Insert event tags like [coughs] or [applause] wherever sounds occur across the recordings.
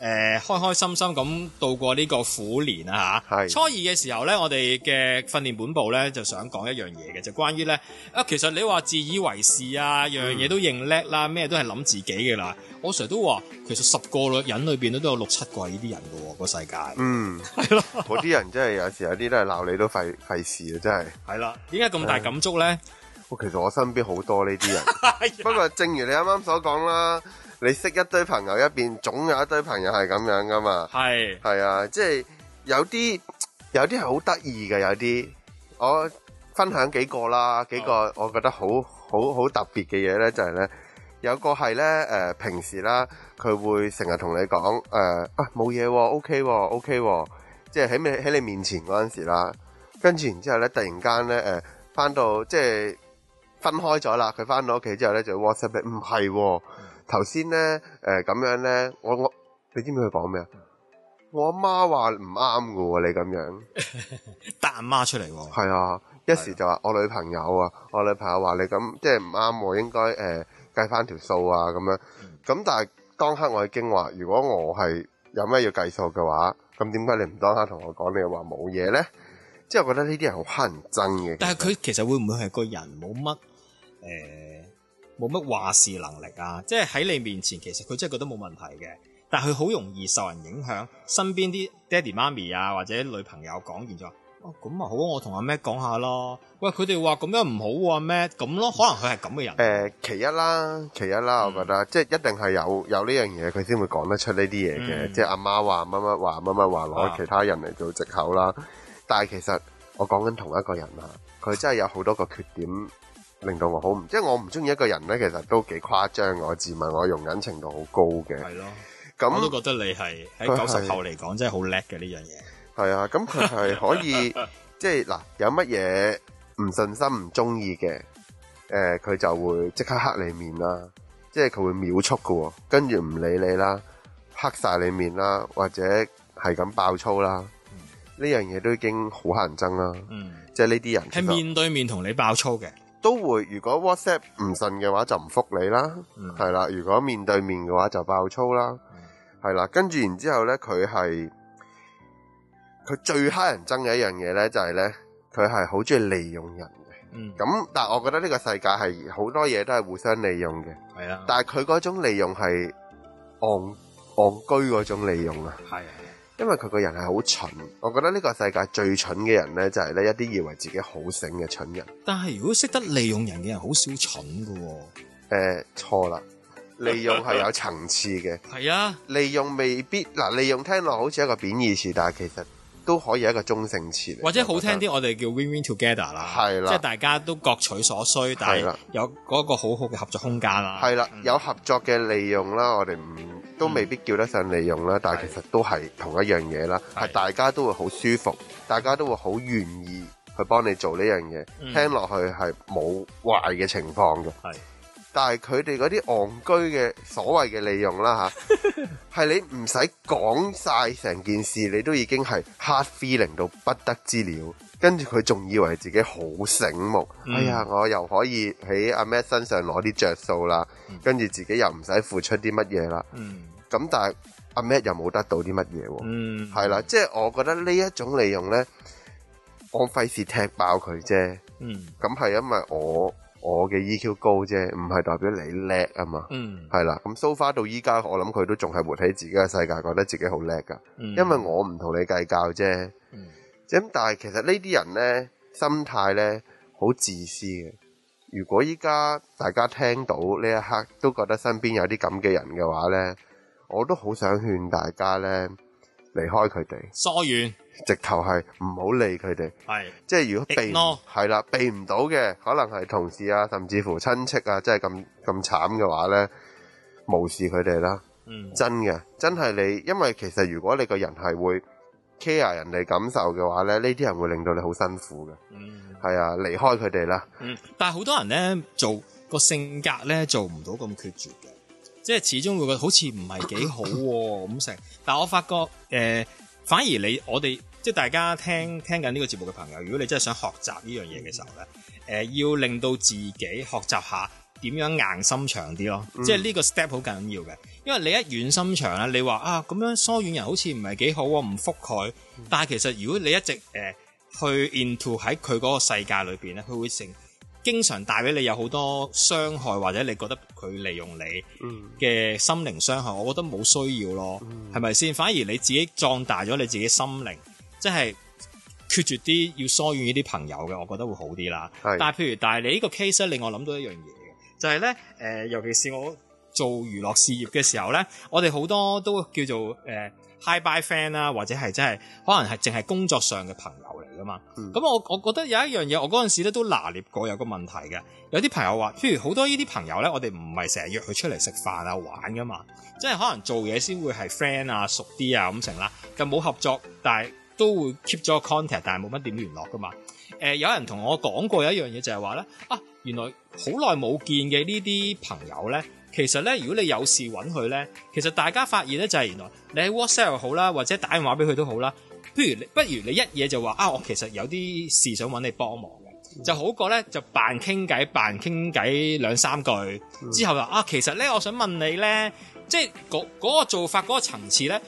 誒、呃，開開心心咁度過呢個虎年啊！吓，初二嘅時候咧，我哋嘅訓練本部咧就想講一樣嘢嘅，就關於咧啊，其實你話自以為是啊，嗯、樣樣嘢都認叻啦，咩都係諗自己嘅啦。我成日都話，其實十個女人裏邊都有六七個呢啲人噶、哦，個世界。嗯，係咯，啲人真係有時候有啲都係鬧你都廢 L 事啊！真係。係啦，點解咁大感觸咧？我 [laughs] 其實我身邊好多呢啲人， [laughs] 不過正如你啱啱所講啦。你識一堆朋友一邊總有一堆朋友係咁樣噶嘛？係係啊，即係有啲有啲係好得意嘅，有啲我分享幾個啦，幾個我覺得好好好特別嘅嘢咧，就係、是、咧，有個係咧誒，平時啦佢會成日同你講誒、呃、啊冇嘢，OK，OK，即係喺喺你面前嗰陣時啦，跟住然,後呢然呢、呃、之後咧突然間咧誒翻到即係分開咗啦，佢翻到屋企之後咧就 WhatsApp 你唔係。頭先咧，誒、呃、咁樣咧，我我你知唔知佢講咩啊？我阿媽話唔啱㗎喎，你咁樣，答阿媽出嚟喎。係啊，一時就話我女朋友啊，我女朋友話你咁即係唔啱喎，應該誒計翻條數啊咁樣。咁、呃嗯、但係當刻我已經話，如果我係有咩要計數嘅話，咁點解你唔當刻同我講？你話冇嘢咧？即係我覺得呢啲人好乞人憎嘅。但係佢其實會唔會係個人冇乜冇乜話事能力啊，即係喺你面前，其實佢真係覺得冇問題嘅。但係佢好容易受人影響，身邊啲爹哋媽咪啊，或者女朋友講完咗話，哦，咁啊好，我同阿 Matt 講下咯。喂，佢哋話咁樣唔好啊，Matt 咁咯，可能佢係咁嘅人。誒，其一啦，其一啦，嗯、我覺得即係一定係有有呢樣嘢，佢先會講得出呢啲嘢嘅。嗯、即係阿媽話乜乜話乜乜話攞其他人嚟做藉口啦。但係其實我講緊同一個人啊，佢真係有好多個缺點。令到我好唔，即係我唔中意一個人咧，其實都幾誇張，我自問我容忍程度好高嘅。係咯，咁都覺得你係喺九十後嚟講，真係好叻嘅呢樣嘢。係啊，咁佢係可以， [laughs] 即係嗱，有乜嘢唔信心、唔中意嘅，誒、呃，佢就會即刻黑你面啦，即係佢會秒速喎。跟住唔理你啦，黑晒你面啦，或者係咁爆粗啦。呢、嗯、樣嘢都已經好乞人憎啦。嗯，即係呢啲人係面對面同你爆粗嘅。都會，如果 WhatsApp 唔信嘅話就唔覆你啦，係啦。如果面對面嘅話就爆粗啦，係啦。跟住然之後咧，佢係佢最乞人憎嘅一樣嘢咧，就係咧，佢係好中意利用人嘅。咁但係我覺得呢個世界係好多嘢都係互相利用嘅。係啊。但係佢嗰種利用係戇戇居嗰種利用啊。係。因為佢個人係好蠢，我覺得呢個世界最蠢嘅人呢，就係呢一啲以為自己好醒嘅蠢人。但係如果識得利用人嘅人，好少蠢噶喎、哦。誒、呃，錯啦，利用係有層次嘅。係 [laughs] 啊，利用未必嗱，利用聽落好似一個貶義詞，但係其實都可以係一個中性詞。或者好聽啲，我哋叫 win win together 啦，即係大家都各取所需，但係有嗰個好好嘅合作空間啦。係啦、啊嗯，有合作嘅利用啦，我哋唔。都未必叫得上利用啦，嗯，但係其實都係同一樣嘢啦，係大家都會好舒服，大家都會好願意去幫你做呢樣嘢，聽落去係冇壞嘅情況嘅。係，但係佢哋嗰啲戇居嘅所謂嘅利用啦，吓，係 [laughs] 你唔使講晒成件事，你都已經係 hard feeling 到不得之了。跟住佢仲以為自己好醒目、嗯，哎呀，我又可以喺阿 Matt 身上攞啲着數啦，跟住自己又唔使付出啲乜嘢啦。咁、嗯、但係阿 Matt 又冇得到啲乜嘢喎，係、嗯、啦，即係、就是、我覺得呢一種利用呢，我費事踢爆佢啫。咁、嗯、係因為我我嘅 EQ 高啫，唔係代表你叻啊嘛。係、嗯、啦，咁 so far 到依家，我諗佢都仲係活喺自己嘅世界，覺得自己好叻㗎。因為我唔同你計較啫。咁但係其實呢啲人呢，心態呢，好自私嘅。如果依家大家聽到呢一刻都覺得身邊有啲咁嘅人嘅話呢，我都好想勸大家呢離開佢哋，疏遠，直頭係唔好理佢哋。係，即係如果避唔係啦，避唔到嘅，可能係同事啊，甚至乎親戚啊，即係咁咁慘嘅話呢，無視佢哋啦。嗯，真嘅，真係你，因為其實如果你個人係會。care 人哋感受嘅話咧，呢啲人會令到你好辛苦嘅。嗯，係啊，離開佢哋啦。嗯，但係好多人咧做個性格咧做唔到咁決絕嘅，即係始終會，覺得好似唔係幾好咁，啊、成。 [coughs] 但係我發覺誒、呃、反而你我哋即係大家聽聽緊呢個節目嘅朋友，如果你真係想學習呢樣嘢嘅時候咧，誒、嗯呃、要令到自己學習下。點樣硬心長啲咯？嗯、即係呢個 step 好緊要嘅，因為你一軟心長啦，你話啊咁樣疏遠人好似唔係幾好喎，唔覆佢。嗯、但係其實如果你一直誒、呃、去 into 喺佢嗰個世界裏面，咧，佢會成經常帶俾你有好多傷害，或者你覺得佢利用你嘅心靈傷害，嗯、我覺得冇需要咯，係咪先？反而你自己壯大咗你自己心靈，即係決絕啲要疏遠呢啲朋友嘅，我覺得會好啲啦。但係譬如，但係你呢個 case 令我諗到一樣嘢。就係、是、咧，誒、呃，尤其是我做娛樂事業嘅時候咧，我哋好多都叫做誒、呃、 [noise] hi bye friend 啦、啊，或者係真係可能係淨係工作上嘅朋友嚟噶嘛。咁、嗯、我我覺得有一樣嘢，我嗰陣時咧都拿捏過有個問題嘅。有啲朋友話，譬如好多呢啲朋友咧，我哋唔係成日約佢出嚟食飯啊玩噶嘛，即係可能做嘢先會係 friend 啊熟啲啊咁成啦。咁冇合作，但係都會 keep 咗 contact，但係冇乜點聯絡噶嘛。誒、呃，有人同我講過有一樣嘢就係話咧啊。原來好耐冇見嘅呢啲朋友呢，其實呢，如果你有事揾佢呢，其實大家發現呢，就係原來你喺 WhatsApp 又好啦，或者打電話俾佢都好啦。不如你不如你一嘢就話啊，我其實有啲事想揾你幫忙嘅，就好過呢就扮傾偈，扮傾偈兩三句之後就啊，其實呢，我想問你呢，即係嗰嗰個做法嗰個層次呢。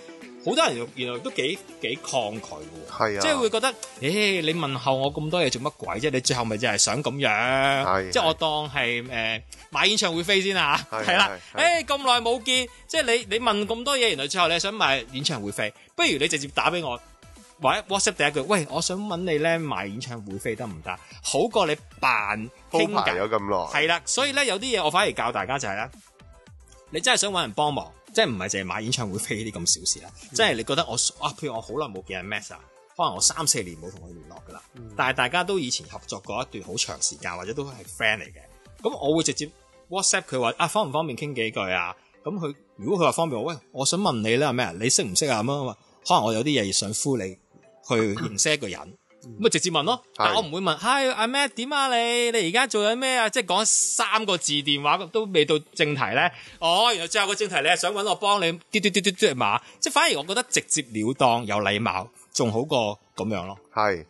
好多人原來都幾幾抗拒啊，即係會覺得，誒、欸，你問候我咁多嘢做乜鬼啫？你最後咪就係想咁樣，係係即係我當係誒、呃、買演唱會飛先啊，係啦，咁耐冇見，即係你你問咁多嘢，原來最後你想買演唱會飛，不如你直接打俾我或者 WhatsApp 第一句，喂，我想問你咧買演唱會飛得唔得？好過你扮傾偈咗咁耐，係啦，所以咧有啲嘢我反而教大家就係、係、啦，你真係想揾人幫忙。即係唔係淨係買演唱會飛呢啲咁小事啦，嗯、即係你覺得我啊，譬如我好耐冇見阿 Max 啊，可能我三四年冇同佢聯絡㗎啦，嗯、但係大家都以前合作過一段好長時間，或者都係 friend 嚟嘅，咁我會直接 WhatsApp 佢話啊，方唔方便傾幾句啊？咁佢如果佢話方便我，我喂，我想問你咧係咩？你識唔識啊？咁啊，可能我有啲嘢想呼你去認識一個人。 [coughs] 咁咪直接問咯，但我唔會問，嗨，阿 Matt 點啊你？你而家做緊咩啊？即係講三個字電話都未到正題咧。哦，然後最後個正題你係想搵我幫你，嘟嘟嘟嘟嘟嘛？即係反而我覺得直接了當有禮貌，仲好過咁樣咯。係，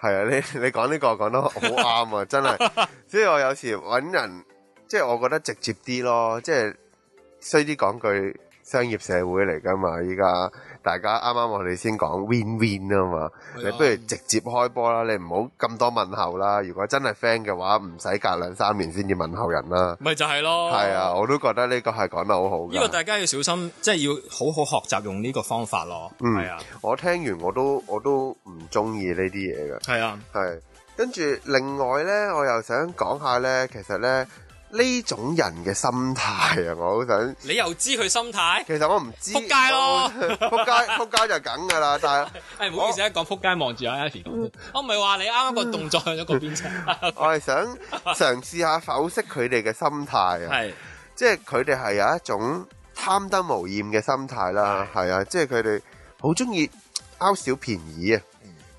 係啊，你你講呢個講得好啱啊，真係。所以我有時搵人，即係我覺得直接啲咯，即係衰啲講句。商業社會嚟噶嘛？依家大家啱啱我哋先講 win win 啊嘛，你不如直接開波啦，你唔好咁多問候啦。如果真係 friend 嘅話，唔使隔兩三年先至問候人啦。咪就係咯，係啊，我都覺得呢個係講得好好嘅。呢個大家要小心，即係要好好學習用呢個方法咯。嗯，係啊，我聽完我都我都唔中意呢啲嘢嘅。係啊，係。跟住另外呢，我又想講下呢，其實呢。呢種人嘅心態啊，我好想。你又知佢心態？其實我唔知。撲街咯，撲街，撲街就梗㗎啦。但係，哎，唔好意思，講撲街望住阿 Eddy 講。我唔係話你啱啱個動作向咗嗰邊。我係想嘗試下剖析佢哋嘅心態啊。係， [laughs] 即係佢哋係有一種貪得無厭嘅心態啦。係啊，即係佢哋好中意撈小便宜啊。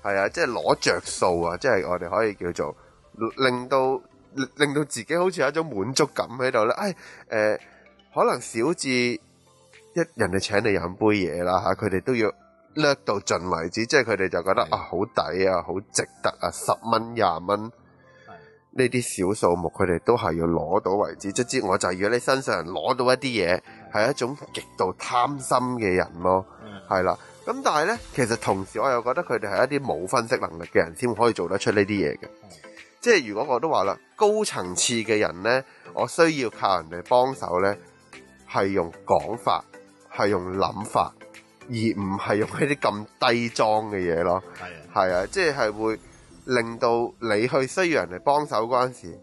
係啊，即係攞着數啊，即係我哋可以叫做令到。令到自己好似有一種滿足感喺度咧，誒、哎，誒、呃，可能小至一人哋請你飲杯嘢啦吓，佢哋都要攞到盡為止，即係佢哋就覺得啊好抵啊，好、啊、值得啊，十蚊廿蚊呢啲小數目，佢哋都係要攞到為止。即係我就係、是、如果你身上攞到一啲嘢，係一種極度貪心嘅人咯，係啦。咁但係咧，其實同時我又覺得佢哋係一啲冇分析能力嘅人先可以做得出呢啲嘢嘅。.即係如果我都話啦，高層次嘅人咧，我需要靠人哋幫手咧，係用講法，係用諗法，而唔係用嗰啲咁低裝嘅嘢咯。係啊，係啊，即係會令到你去需要人哋幫手嗰陣時，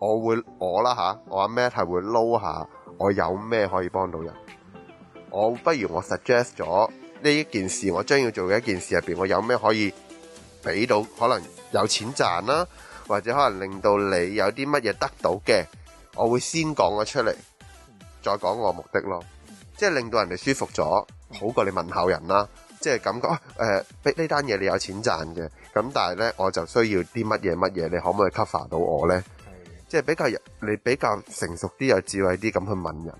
我會我啦吓，我阿、啊、Matt 係會撈下我有咩可以幫到人。我不如我 suggest 咗呢一件事，我將要做嘅一件事入邊，我有咩可以俾到可能有錢賺啦。或者可能令到你有啲乜嘢得到嘅，我會先講咗出嚟，再講我目的咯，即係令到人哋舒服咗，好過你問候人啦。即係感覺誒，呢單嘢你有錢賺嘅，咁但係呢，我就需要啲乜嘢乜嘢，你可唔可以 cover 到我呢？即係比較你比較成熟啲有智慧啲咁去問人，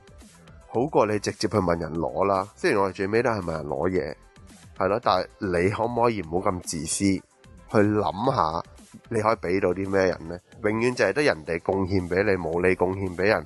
好過你直接去問人攞啦。雖然我哋最尾都係問人攞嘢，係咯，但係你可唔可以唔好咁自私去諗下？你可以俾到啲咩人咧？永遠就係得人哋貢獻俾你，冇你貢獻俾人，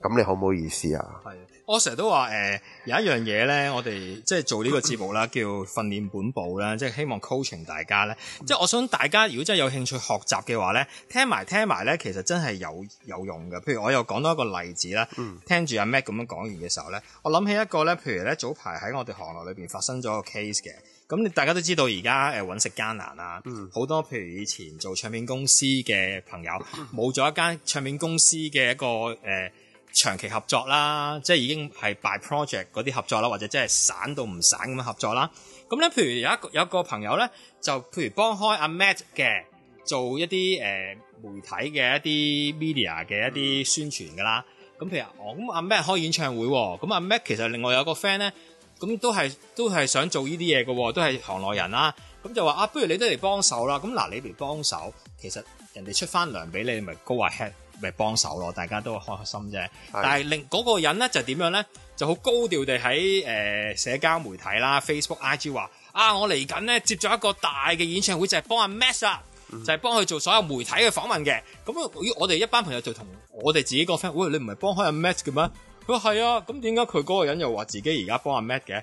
咁你好唔好意思啊？係啊。我成日都話誒、呃，有一樣嘢咧，我哋即係做呢個節目啦，叫訓練本部啦，即係希望 coaching 大家咧。即係我想大家如果真係有興趣學習嘅話咧，聽埋聽埋咧，其實真係有有用嘅。譬如我又講到一個例子啦，嗯、聽住阿 Mac 咁樣講完嘅時候咧，我諗起一個咧，譬如咧早排喺我哋行內裏面發生咗個 case 嘅。咁大家都知道而家誒揾食艱難啦、啊，好、嗯、多譬如以前做唱片公司嘅朋友冇咗一間唱片公司嘅一個誒。呃長期合作啦，即係已經係 by project 嗰啲合作啦，或者即係散到唔散咁樣合作啦。咁咧，譬如有一有個朋友咧，就譬如幫開阿、啊、Matt 嘅做一啲誒、呃、媒體嘅一啲 media 嘅一啲宣傳噶啦。咁、嗯、譬如我咁阿 Matt 開演唱會、啊，咁阿、啊、Matt 其實另外有個 friend 咧，咁都係都係想做呢啲嘢嘅，都係行內人啦、啊。咁就話啊，不如你都嚟幫手啦。咁嗱，你嚟幫手，其實人哋出翻糧俾你，咪 go ahead 咪幫手咯，大家都開心啫。但係另嗰個人咧就點樣咧，就好高調地喺誒、呃、社交媒體啦、Facebook IG、IG 話啊，我嚟緊咧接咗一個大嘅演唱會，就係幫阿、啊、Matt 啦，嗯、就係、是、幫佢做所有媒體嘅訪問嘅。咁我哋一班朋友就同我哋自己個 friend，喂，你唔係幫開阿、啊、Matt 嘅咩？佢話係啊，咁點解佢嗰個人又話自己而家幫阿、啊、Matt 嘅？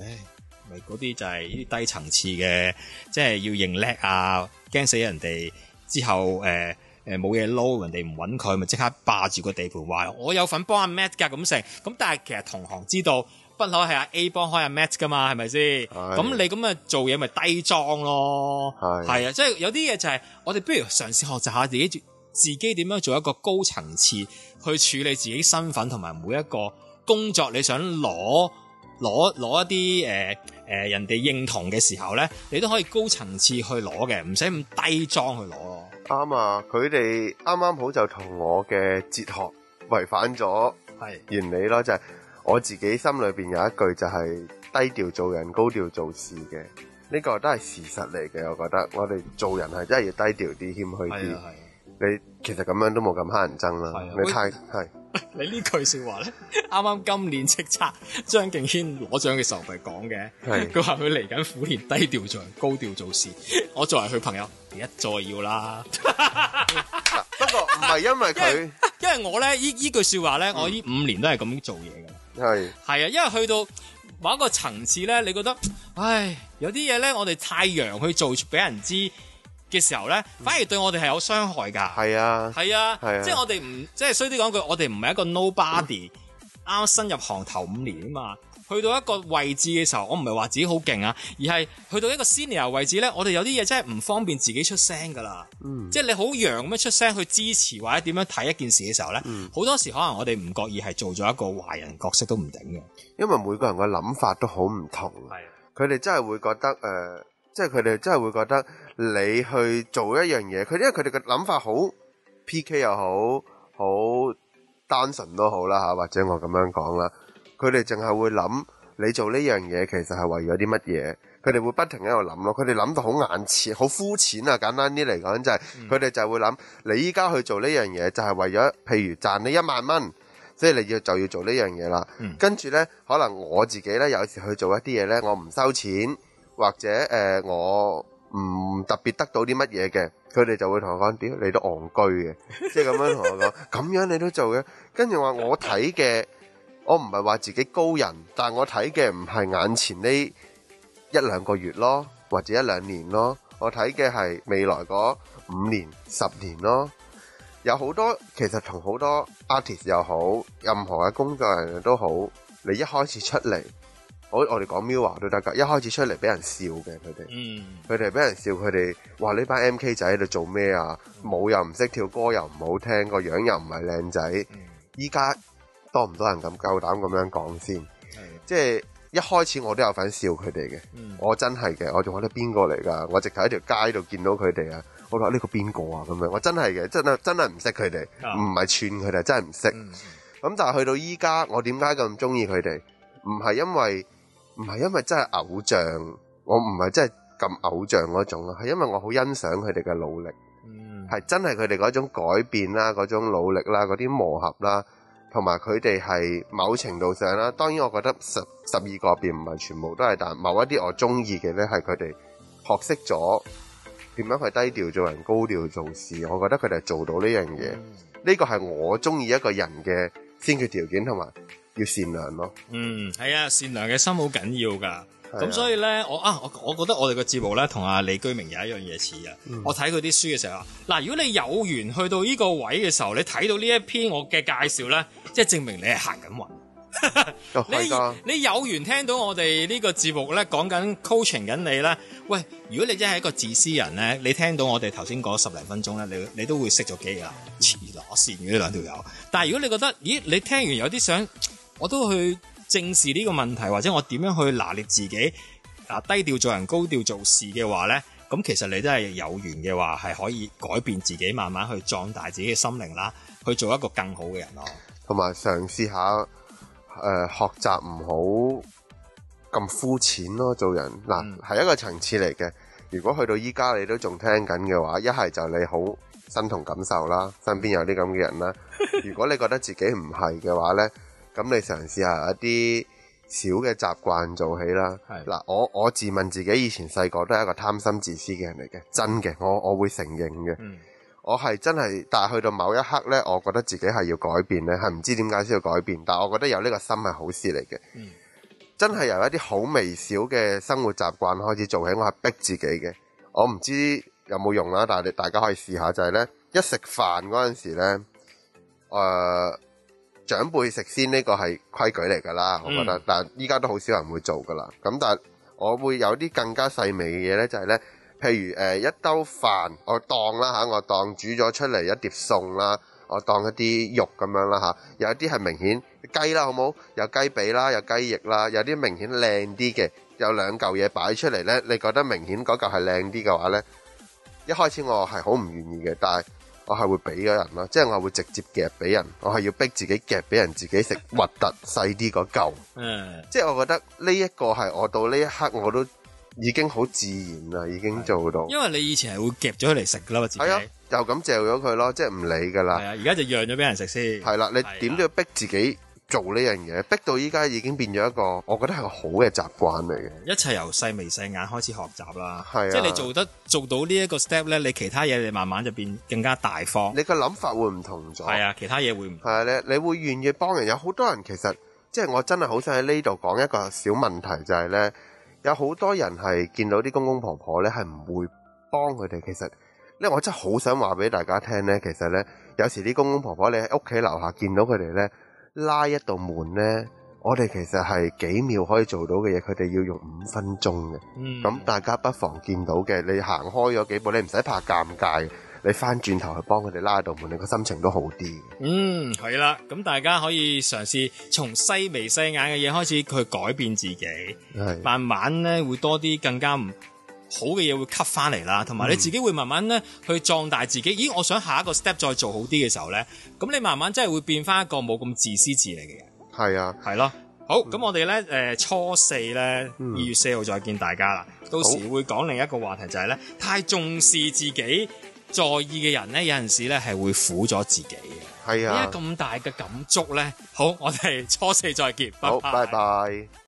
唉，咪嗰啲就係啲低層次嘅，即、就、係、是、要認叻啊，驚死人哋之後誒。呃誒，冇嘢撈，人哋唔揾佢，咪即刻霸住個地盤話，我有份幫阿、啊、Matt 噶咁成，咁但係其實同行知道，不可係阿 A 幫開阿 Matt 噶嘛，係咪先？咁你咁啊做嘢咪低莊咯，係啊，即係有啲嘢就係、是、我哋不如嘗試學習下自己自己點樣做一個高層次去處理自己身份同埋每一個工作你、呃呃，你想攞攞攞一啲誒誒人哋認同嘅時候咧，你都可以高層次去攞嘅，唔使咁低莊去攞。啱啊！佢哋啱啱好就同我嘅哲學違反咗原理咯，就係我自己心裏邊有一句就係低調做人高調做事嘅，呢、這個都係事實嚟嘅。我覺得我哋做人係真係要低調啲謙虛啲，啊啊，你其實咁樣都冇咁乞人憎啦，啊，你太 [laughs] 你呢句說話咧，啱 [laughs] 啱今年叱咤張敬軒攞獎嘅時候咪講嘅，佢話佢嚟緊虎年低調做人，高調做事。 [laughs] 我作為佢朋友，一再要啦。不過唔係因為佢，因為我咧依依句說話咧、嗯，我依五年都係咁做嘢嘅。係係啊，因為去到某一個層次咧，你覺得，唉，有啲嘢咧，我哋太陽去做，俾人知嘅時候呢，反而對我哋係有傷害㗎。係、嗯、啊，係啊，啊即係我哋唔即係衰啲講句，我哋唔係一個 nobody 啱、嗯、新入行頭五年啊嘛。去到一個位置嘅時候，我唔係話自己好勁啊，而係去到一個 senior 位置呢，我哋有啲嘢真係唔方便自己出聲㗎啦。嗯、即係你好揚咁樣出聲去支持或者點樣睇一件事嘅時候呢，好、嗯、多時可能我哋唔覺意係做咗一個壞人角色都唔頂嘅，因為每個人嘅諗法都好唔同。係，佢哋真係會覺得誒，即係佢哋真係會覺得。呃，就是你去做一樣嘢，佢因為佢哋嘅諗法好 P.K. 又好，好單純都好啦嚇，或者我咁樣講啦。佢哋淨係會諗你做呢樣嘢，其實係為咗啲乜嘢？佢哋會不停喺度諗咯。佢哋諗到好眼淺、好膚淺啊。簡單啲嚟講，就係佢哋就會諗你依家去做呢樣嘢，就係為咗譬如賺你一萬蚊，所以你要就要做呢樣嘢啦。跟住呢，可能我自己呢，有時去做一啲嘢呢，我唔收錢或者誒、呃、我。唔特別得到啲乜嘢嘅，佢哋就會同我講：屌，你都戇居嘅，即係咁樣同我講，咁 [laughs] 樣你都做嘅。跟住話我睇嘅，我唔係話自己高人，但我睇嘅唔係眼前呢一兩個月咯，或者一兩年咯，我睇嘅係未來嗰五年、十年咯。有好多其實同好多 artist 又好，任何嘅工作人員都好，你一開始出嚟。我我哋講 MIRROR 都得㗎，一開始出嚟俾人笑嘅佢哋，佢哋俾人笑，佢哋話呢班 M.K 仔喺度做咩啊、嗯？舞又唔識跳，歌又唔好聽，個樣又唔係靚仔。依、嗯、家多唔多人咁夠膽咁樣講先？嗯、即係一開始我都有份笑佢哋嘅，我真係嘅，我仲覺得邊個嚟㗎？我直頭喺條街度見到佢哋啊！我話呢個邊個啊？咁樣我真係嘅，真係真係唔識佢哋，唔係串佢哋，真係唔識，哦、識。咁、嗯、但係去到依家，我點解咁中意佢哋？唔係因為。唔係因為真係偶像，我唔係真係咁偶像嗰種咯，係因為我好欣賞佢哋嘅努力，係、mm. 真係佢哋嗰種改變啦、嗰種努力啦、嗰啲磨合啦，同埋佢哋係某程度上啦。當然，我覺得十十二個變唔係全部都係，但某一啲我中意嘅呢，係佢哋學識咗點樣去低調做人、高調做事。我覺得佢哋做到呢樣嘢，呢個係我中意一個人嘅先決條件同埋，還有要善良咯、啊，嗯，係啊，善良嘅心好緊要噶。咁、啊、所以咧，我啊，我覺得我哋個節目咧，同阿、啊、李居明有一樣嘢似啊、嗯。我睇佢啲書嘅時候嗱，如果你有緣去到呢個位嘅時候，你睇到呢一篇我嘅介紹咧，即係證明你係行緊運。你你有緣聽到我哋呢個節目咧，講緊 coaching 緊你咧，喂，如果你真係一個自私人咧，你聽到我哋頭先講十零分鐘咧，你你都會熄咗機啊，黐、嗯、攞線嘅呢兩條友。但係如果你覺得，咦，你聽完有啲想。我都去正視呢個問題，或者我點樣去拿捏自己？嗱，低調做人，高調做事嘅話呢，咁其實你都係有緣嘅話，係可以改變自己，慢慢去壯大自己嘅心靈啦，去做一個更好嘅人咯。同埋嘗試下誒、呃，學習唔好咁膚淺咯，做人嗱係、啊嗯、一個層次嚟嘅。如果去到依家你都仲聽緊嘅話，一係就你好身同感受啦，身邊有啲咁嘅人啦。如果你覺得自己唔係嘅話呢。 [laughs] 咁你嘗試下一啲小嘅習慣做起啦。嗱，我我自問自己以前細個都係一個貪心自私嘅人嚟嘅，真嘅，我我會承認嘅、嗯。我係真係，但係去到某一刻呢，我覺得自己係要改變呢，係唔知點解先要改變。但係我覺得有呢個心係好事嚟嘅、嗯。真係由一啲好微小嘅生活習慣開始做起，我係逼自己嘅。我唔知有冇用啦，但係大家可以試下，就係、是、呢，一食飯嗰陣時咧，呃長輩食先呢個係規矩嚟㗎啦，我覺得，嗯、但係依家都好少人會做㗎啦。咁但我會有啲更加細微嘅嘢呢，就係、是、呢。譬如、呃、一兜飯，我當啦、啊、我當煮咗出嚟一碟餸啦，我當一啲肉咁樣啦嚇、啊。有啲係明顯雞啦，好冇，有雞髀啦，有雞翼啦，有啲明顯靚啲嘅，有兩嚿嘢擺出嚟呢。你覺得明顯嗰嚿係靚啲嘅話呢，一開始我係好唔願意嘅，但係。我係會俾咗人咯，即係我會直接夾俾人，我係要逼自己夾俾人自己食，核突細啲嗰嚿。嗯，即係我覺得呢一個係我到呢一刻我都已經好自然啦，已經做到。因為你以前係會夾咗佢嚟食噶啦嘛，自己。係啊，就咁嚼咗佢咯，即係唔理噶啦。係啊，而家就讓咗俾人食先。係啦，你點都要逼自己。做呢樣嘢，逼到依家已經變咗一個，我覺得係個好嘅習慣嚟嘅。一齊由細眉細眼開始學習啦，即係、啊即係、你做得做到呢一個 step 呢，你其他嘢你慢慢就變更加大方，你個諗法會唔同咗，係啊，其他嘢會唔同，你會願意幫人。有好多人其實即係、即係、我真係好想喺呢度講一個小問題，就係呢：有好多人係見到啲公公婆婆呢係唔會幫佢哋。其實呢，我真係好想話俾大家聽呢。其實呢，有時啲公公婆婆你喺屋企樓下見到佢哋呢。拉一道門呢，我哋其實係幾秒可以做到嘅嘢，佢哋要用五分鐘嘅。咁大家不妨見到嘅，你行開咗幾步，你唔使怕尷尬，你翻轉頭去幫佢哋拉一道門，你個心情都好啲。嗯，係啦，咁大家可以嘗試從細眉細眼嘅嘢開始去改變自己，慢慢呢會多啲更加唔。好嘅嘢會吸翻嚟啦，同埋你自己會慢慢咧去壯大自己。咦，我想下一個 step 再做好啲嘅時候咧，咁你慢慢真係會變翻一個冇咁自私自利嘅人。係啊，係咯。好，咁我哋咧誒初四咧二、嗯、月四號再見大家啦。到時會講另一個話題，就是，就係咧太重視自己在意嘅人咧，有陣時咧係會苦咗自己嘅。係啊，而家咁大嘅感觸咧。好，我哋初四再見。好，拜拜。Bye bye